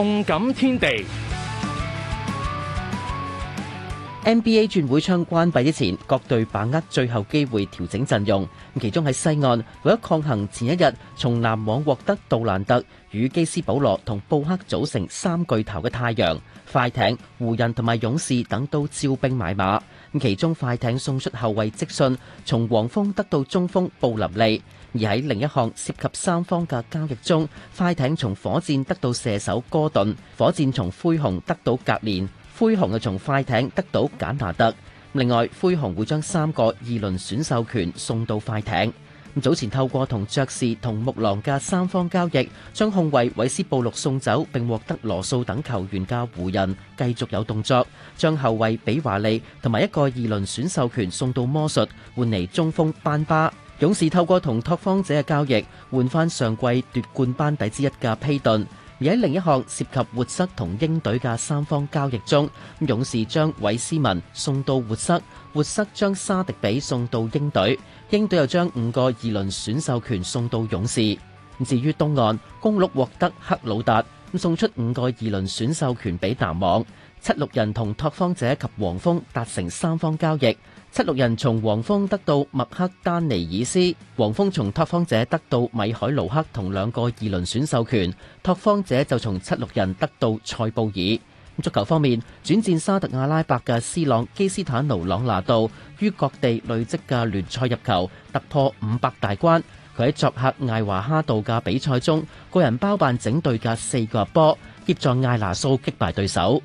動感天地。NBA 轉會窗關閉之前，各隊把握最後機會調整陣容。咁其中喺西岸，為咗抗衡前一日從籃網獲得杜蘭特、與基斯保羅同布克組成三巨頭嘅太陽、快艇、湖人同埋勇士等都招兵買馬。其中快艇送出後衛積信，從黃蜂得到中鋒布林利；而喺另一項涉及三方嘅交易中，快艇從火箭得到射手戈頓，火箭從灰熊得到格連。灰熊就從快艇得到簡拿特，另外灰熊會將三個二輪選秀權送到快艇。咁早前透過同爵士同木狼嘅三方交易，將控衛韋斯布魯送走，並獲得羅素等球員嘅湖人繼續有動作，將後衛比華利同埋一個二輪選秀權送到魔術，換嚟中鋒班巴。勇士透過同拓荒者嘅交易，換翻上季奪冠班底之一嘅披頓。而喺另一項涉及活塞同鷹隊嘅三方交易中，勇士將韋斯文送到活塞，活塞將沙迪比送到鷹隊，鷹隊又將五個二輪選秀權送到勇士。咁至於東岸，公鹿獲得克魯達，咁送出五個二輪選秀權俾籃網。七六人同拓荒者及黃蜂達成三方交易。七六人從黃蜂得到麥克丹尼爾斯，黃蜂從拓荒者得到米海盧克同兩個二輪選秀權，拓荒者就從七六人得到塞布爾。足球方面，轉戰沙特阿拉伯嘅 C 朗基斯坦奴朗拿度於各地累積嘅聯賽入球，突破五百大關。佢喺作客艾華哈度嘅比賽中，個人包辦整隊嘅四個波，協助艾拿蘇擊敗對手。